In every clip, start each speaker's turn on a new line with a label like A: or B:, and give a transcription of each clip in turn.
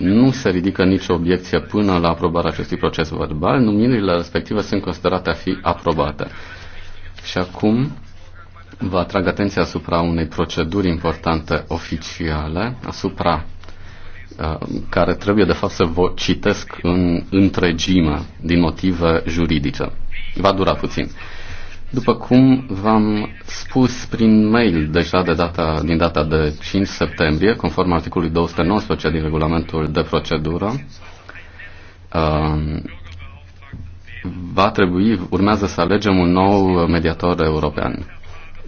A: nu se ridică nicio obiecție până la aprobarea acestui proces verbal, numirile respective sunt considerate a fi aprobate. Și acum vă atrag atenția asupra unei proceduri importante oficiale, asupra uh, care trebuie de fapt să vă citesc în întregime din motive juridice. Va dura puțin. După cum v-am spus prin mail deja de data, din data de 5 septembrie, conform articolului 219 din regulamentul de procedură, uh, va trebui, urmează să alegem un nou mediator european.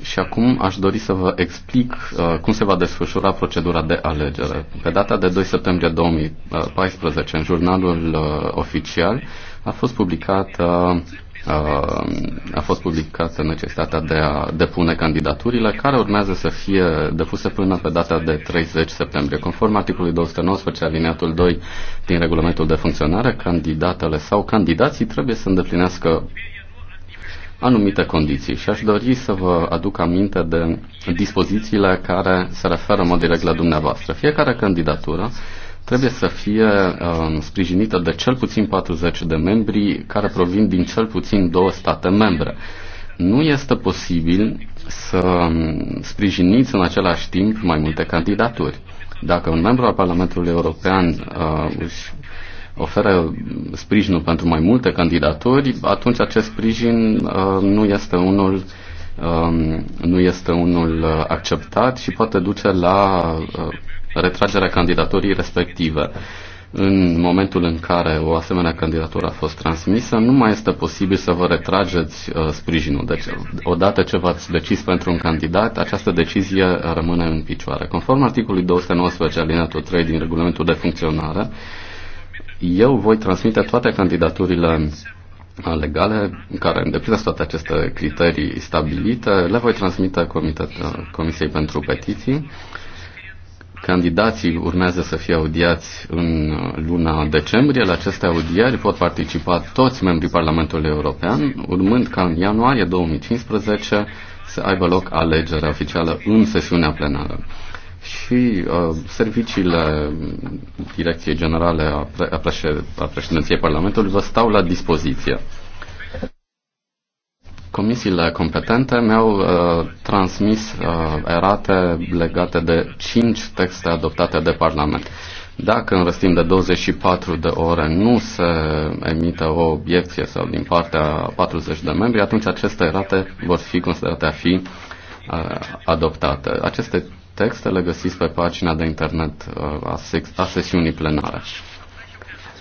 A: Și acum aș dori să vă explic uh, cum se va desfășura procedura de alegere. Pe data de 2 septembrie 2014, în jurnalul uh, oficial, a fost publicat uh, publicată necesitatea de a depune candidaturile, care urmează să fie depuse până pe data de 30 septembrie. Conform articolului 219 alineatul 2 din regulamentul de funcționare, candidatele sau candidații trebuie să îndeplinească anumite condiții și aș dori să vă aduc aminte de dispozițiile care se referă în mod direct la dumneavoastră. Fiecare candidatură trebuie să fie uh, sprijinită de cel puțin 40 de membri care provin din cel puțin două state membre. Nu este posibil să um, sprijiniți în același timp mai multe candidaturi. Dacă un membru al Parlamentului European uh, își oferă sprijinul pentru mai multe candidaturi, atunci acest sprijin uh, nu este unul uh, nu este unul uh, acceptat și poate duce la uh, retragerea candidaturii respective. În momentul în care o asemenea candidatură a fost transmisă, nu mai este posibil să vă retrageți uh, sprijinul. Deci, odată ce v-ați decis pentru un candidat, această decizie rămâne în picioare. Conform articolului 219 alineatul 3 din regulamentul de funcționare, eu voi transmite toate candidaturile uh, legale care îndeplinesc toate aceste criterii stabilite, le voi transmite comite, uh, Comisiei pentru Petiții Candidații urmează să fie audiați în uh, luna decembrie. La aceste audieri pot participa toți membrii Parlamentului European, urmând ca în ianuarie 2015 să aibă loc alegerea oficială în sesiunea plenară. Și uh, serviciile Direcției Generale a, pre- a, președ- a Președinției Parlamentului vă stau la dispoziție. Comisiile competente mi-au uh, transmis uh, erate legate de 5 texte adoptate de Parlament. Dacă în răstim de 24 de ore nu se emite o obiecție sau din partea 40 de membri, atunci aceste erate vor fi considerate a fi uh, adoptate. Aceste texte le găsiți pe pagina de internet uh, a, a sesiunii plenare.